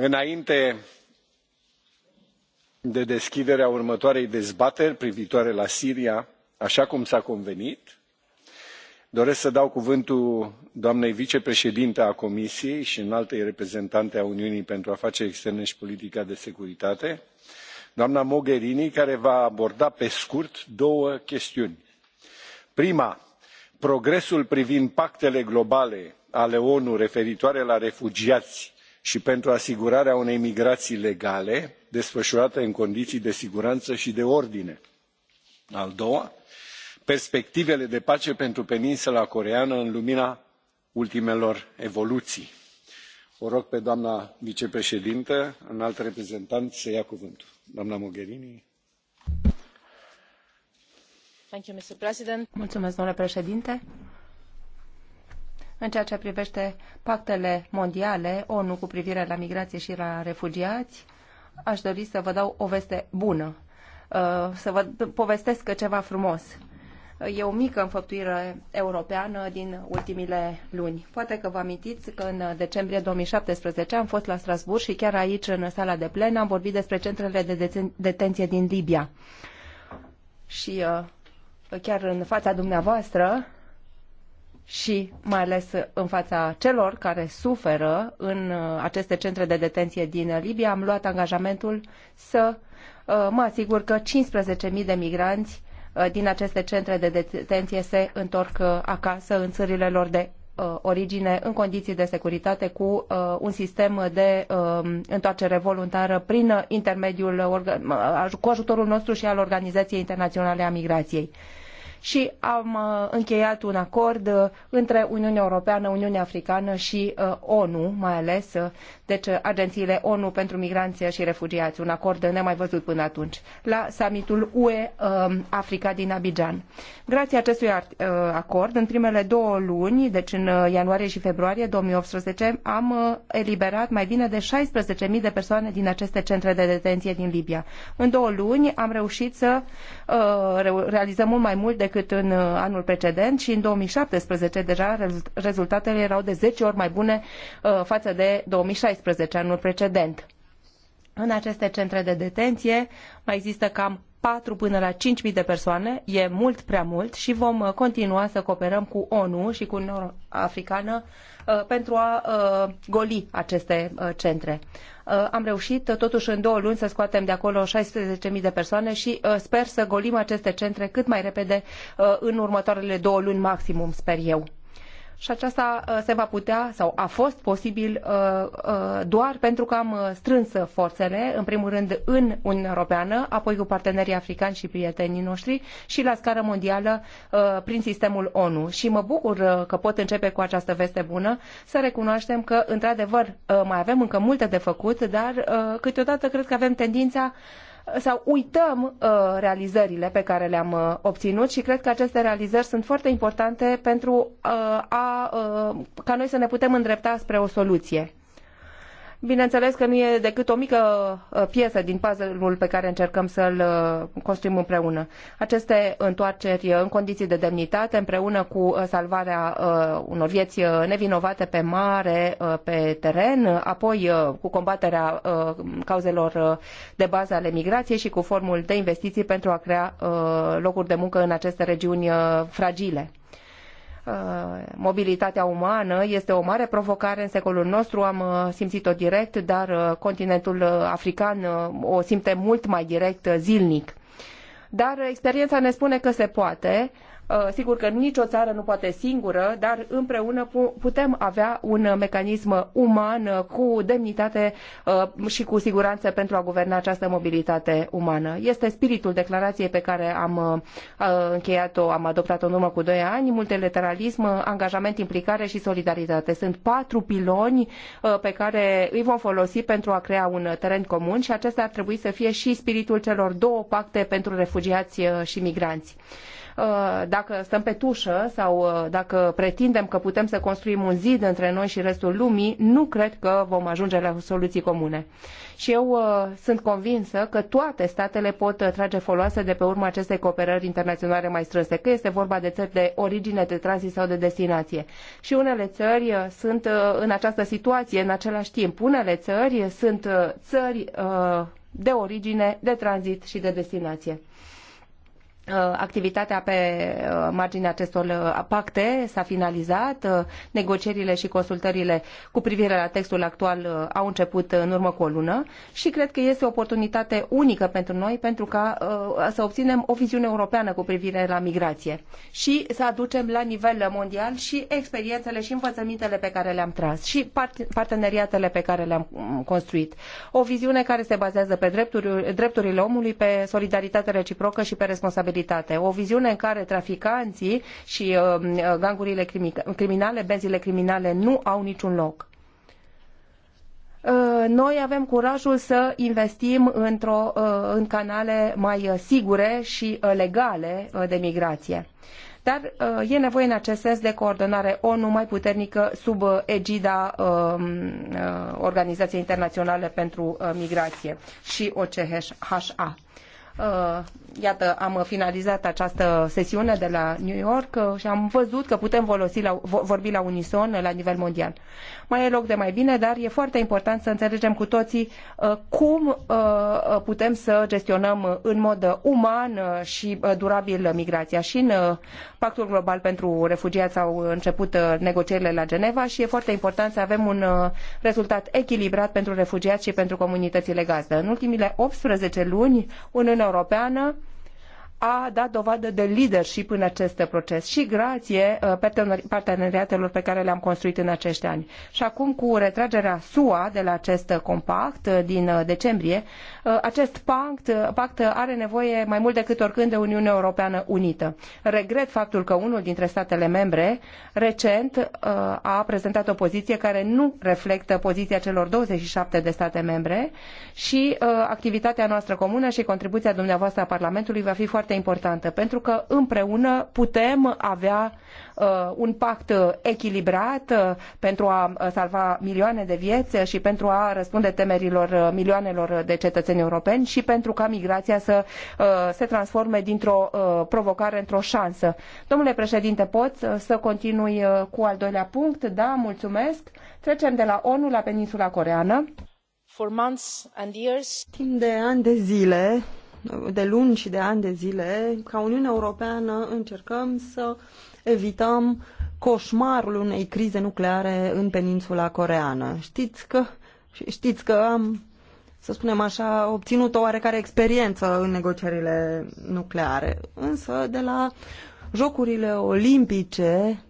înainte de deschiderea următoarei dezbateri privitoare la siria așa cum s a convenit doresc să dau cuvântul doamnei vicepreședinte a comisiei și înaltei reprezentante a uniunii pentru afaceri externe și politica de securitate doamna mogherini care va aborda pe scurt două chestiuni prima progresul privind pactele globale ale onu referitoare la refugiați și pentru asigurarea unei migrații legale desfășurate în condiții de siguranță și de ordine. al doilea perspectivele de pace pentru peninsula coreeană în lumina ultimelor evoluții. o rog pe doamna vicepreședintă înalt reprezentant să ia cuvântul. doamna mogherini. Mulțumesc, domnule președinte în ceea ce privește pactele mondiale, ONU cu privire la migrație și la refugiați, aș dori să vă dau o veste bună, uh, să vă povestesc ceva frumos. E o mică înfăptuire europeană din ultimile luni. Poate că vă amintiți că în decembrie 2017 am fost la Strasburg și chiar aici, în sala de plen, am vorbit despre centrele de detenție din Libia. Și uh, chiar în fața dumneavoastră, și mai ales în fața celor care suferă în uh, aceste centre de detenție din Libia, am luat angajamentul să uh, mă asigur că 15.000 de migranți uh, din aceste centre de detenție se întorc acasă în țările lor de origine în condiții de securitate cu un sistem de um, întoarcere voluntară prin intermediul cu ajutorul nostru și al Organizației Internaționale a Migrației și am uh, încheiat un acord uh, între Uniunea Europeană, Uniunea Africană și uh, ONU, mai ales, deci agențiile ONU pentru migranți și refugiați, un acord nemai văzut până atunci, la summitul UE um, Africa din Abidjan. Grație acestui acord, în primele două luni, deci în ianuarie și februarie 2018, am eliberat mai bine de 16.000 de persoane din aceste centre de detenție din Libia. În două luni am reușit să realizăm mult mai mult de decât în uh, anul precedent și în 2017 deja rezultatele erau de 10 ori mai bune uh, față de 2016, anul precedent. În aceste centre de detenție mai există cam 4 până la 5.000 de persoane, e mult prea mult și vom uh, continua să cooperăm cu ONU și cu Uniunea Africană uh, pentru a uh, goli aceste centre. Am reușit totuși în două luni să scoatem de acolo 16.000 de persoane și sper să golim aceste centre cât mai repede în următoarele două luni maximum, sper eu și aceasta uh, se va putea sau a fost posibil uh, uh, doar pentru că am strâns forțele, în primul rând în Uniunea Europeană, apoi cu partenerii africani și prietenii noștri și la scară mondială prin sistemul ONU. Și mă bucur că pot începe cu această veste bună să recunoaștem că, într-adevăr, mai avem încă multe de făcut, dar câteodată cred că avem tendința sau uităm uh, realizările pe care le-am uh, obținut și cred că aceste realizări sunt foarte importante pentru uh, a, ca noi să ne putem îndrepta spre o soluție. Bineînțeles că nu e decât o mică uh, piesă din puzzle-ul pe care încercăm să-l uh, construim împreună. Aceste întoarceri uh, în condiții de demnitate, împreună cu salvarea unor vieți nevinovate pe mare, pe teren, apoi cu combaterea cauzelor de bază ale migrației și cu formul de investiții pentru a crea locuri de muncă în aceste regiuni fragile. Uh, mobilitatea umană este o mare provocare în secolul nostru, am uh, simțit-o direct, dar uh, continentul african o simte mult mai direct zilnic. Dar experiența ne spune că se poate, Uh, sigur că nicio țară nu poate singură, dar împreună putem avea un mecanism uman uh, cu demnitate uh, și cu siguranță pentru a guverna această mobilitate umană. Este spiritul declarației pe care am încheiat-o, am adoptat-o în urmă cu doi ani, multilateralism, angajament, implicare și solidaritate. Sunt patru piloni pe care îi vom folosi pentru a crea un teren comun și acesta ar trebui să fie și spiritul celor două pacte pentru refugiați și migranți. Uh, dacă stăm pe tușă sau uh, dacă pretindem că putem să construim un zid între noi și restul lumii, nu cred că vom ajunge la soluții comune. Și eu uh, sunt convinsă că toate statele pot trage foloase de pe urma acestei cooperări internaționale mai strânse, că este vorba de țări de origine, de tranzit sau de destinație. Și unele țări sunt în această situație în același timp. Unele țări sunt țări de origine, de tranzit și de destinație. Uh, activitatea pe uh, marginea acestor uh, pacte s-a finalizat, negocierile și consultările cu privire la textul actual au început în urmă cu o lună și cred că este o oportunitate unică pentru noi pentru ca să obținem o viziune europeană cu privire la migrație și să aducem la nivel mondial și experiențele și învățămintele pe care le-am tras și parteneriatele pe care le-am mm, construit. O viziune care se bazează pe drepturile omului, pe solidaritate reciprocă și pe responsabilitate securitate, o viziune în care traficanții și uh, gangurile criminale, benzile criminale nu au niciun loc uh, noi avem curajul să investim într-o, uh, în canale mai sigure și legale de migrație. Dar e nevoie în acest sens de coordonare ONU mai puternică sub egida um, Organizației Internaționale pentru Migrație și OCHA. Uh, iată, am finalizat această sesiune de la New York uh, și am văzut că putem folosi la, vorbi la unison la nivel mondial. Mai e loc de mai bine, dar e foarte important să înțelegem cu toții uh, cum putem să gestionăm în mod uman și durabil migrația. Și în Pactul Global pentru Refugiați au început negocierile la Geneva și e foarte important să avem un rezultat echilibrat pentru refugiați și pentru comunitățile gazdă. În ultimile 18 luni, Uniunea Europeană a dat dovadă de leadership în acest proces și grație uh, parteneriatelor pe care le-am construit în acești ani. Și acum, cu retragerea SUA de la acest compact uh, din uh, decembrie, acest pact, pact are nevoie mai mult decât oricând de Uniunea Europeană unită. Regret faptul că unul dintre statele membre recent a prezentat o poziție care nu reflectă poziția celor 27 de state membre și activitatea noastră comună și contribuția dumneavoastră a Parlamentului va fi foarte foarte importantă, pentru că împreună putem avea uh, un pact echilibrat uh, pentru a uh, salva milioane de vieți și pentru a răspunde temerilor milioanelor de cetățeni europeni și pentru ca migrația să se transforme dintr-o provocare într-o șansă. Domnule președinte, pot să continui cu al doilea punct? Da, mulțumesc. Trecem de la ONU la peninsula coreană. Timp de ani de zile, de luni și de ani de zile, ca Uniunea Europeană încercăm să evităm coșmarul unei crize nucleare în peninsula coreană. Știți că, știți că am, să spunem așa, obținut o oarecare experiență în negocierile nucleare. Însă, de la Jocurile Olimpice,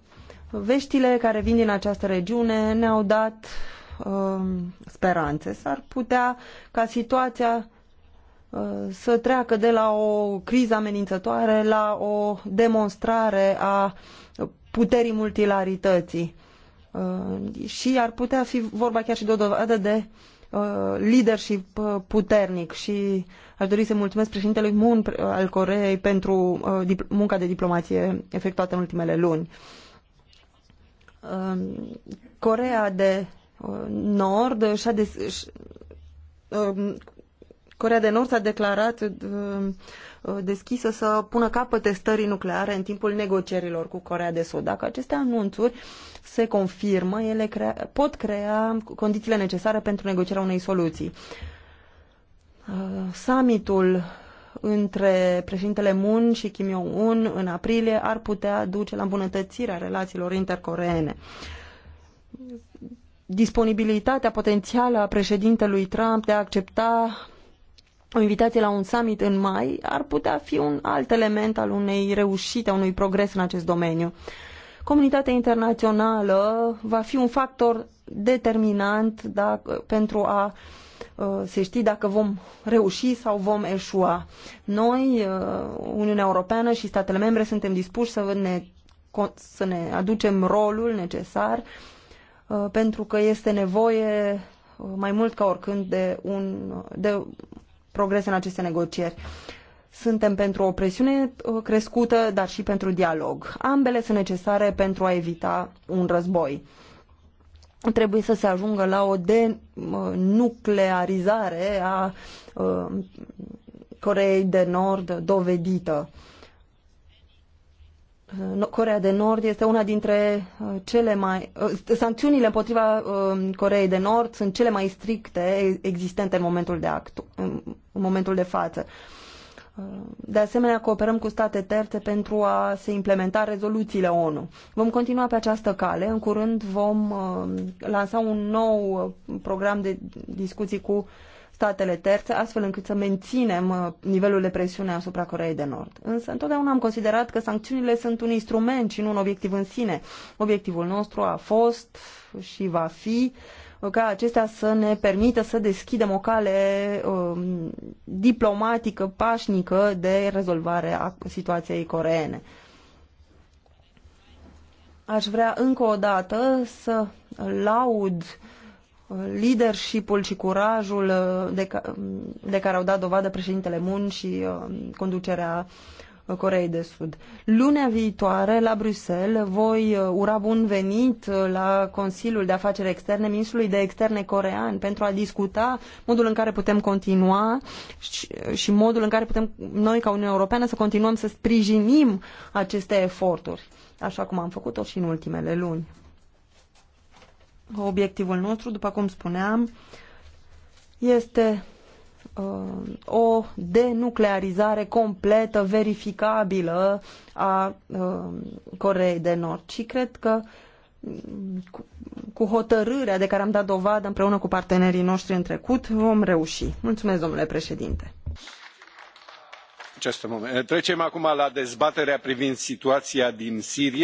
veștile care vin din această regiune ne-au dat um, speranțe. S-ar putea ca situația să treacă de la o criză amenințătoare la o demonstrare a puterii multilarității. Uh, și ar putea fi vorba chiar și de o dovadă de uh, leadership uh, puternic și aș dori să mulțumesc președintelui Moon al Coreei pentru munca de diplomație efectuată în ultimele luni. Corea de Nord și-a des- Corea de Nord s-a declarat uh, deschisă să pună capăt testării nucleare în timpul negocierilor cu Corea de Sud. Dacă aceste anunțuri se confirmă, ele crea, pot crea condițiile necesare pentru negocierea unei soluții. Uh, summitul între președintele Moon și Kim Jong-un în aprilie ar putea duce la îmbunătățirea relațiilor intercoreene. Disponibilitatea potențială a președintelui Trump de a accepta o invitație la un summit în mai ar putea fi un alt element al unei reușite, a unui progres în acest domeniu. Comunitatea internațională va fi un factor determinant dacă, pentru a uh, se ști dacă vom reuși sau vom eșua. Noi, uh, Uniunea Europeană și statele membre, suntem dispuși să ne, să ne aducem rolul necesar uh, pentru că este nevoie mai mult ca oricând de, un, de progres în aceste negocieri. Suntem pentru o presiune uh, crescută, dar și pentru dialog. Ambele sunt necesare pentru a evita un război. Trebuie să se ajungă la o denuclearizare a uh, Coreei de Nord dovedită Corea de Nord este una dintre uh, cele mai. Uh, sancțiunile împotriva um, Coreei de Nord sunt cele mai stricte existente în momentul de, actu, în momentul de față. Uh, de asemenea, cooperăm cu state terțe pentru a se implementa rezoluțiile ONU. Vom continua pe această cale. În curând vom um, lansa un nou program de discuții cu statele terțe, astfel încât să menținem uh, nivelul de presiune asupra Coreei de Nord. Însă întotdeauna am considerat că sancțiunile sunt un instrument și nu un obiectiv în sine. Obiectivul nostru a fost și va fi uh, ca acestea să ne permită să deschidem o cale um, diplomatică, pașnică de rezolvare a situației coreene. Aș vrea încă o dată să laud uh, leadership-ul și curajul uh, de, ca, de care au dat dovadă președintele Moon și uh, conducerea uh, Coreei de Sud. Lunea viitoare, la Bruxelles, voi ura bun venit la Consiliul de Afaceri Externe, ministrului de externe corean, pentru a discuta modul în care putem continua și, și modul în care putem noi, ca Uniunea Europeană, să continuăm să sprijinim aceste eforturi, așa cum am făcut-o și în ultimele luni. Obiectivul nostru, după cum spuneam, este uh, o denuclearizare completă, verificabilă a uh, Coreei de Nord. Și cred că mm, cu, cu hotărârea de care am dat dovadă împreună cu partenerii noștri în trecut, vom reuși. Mulțumesc, domnule președinte. Trecem acum la dezbaterea privind situația din Siria.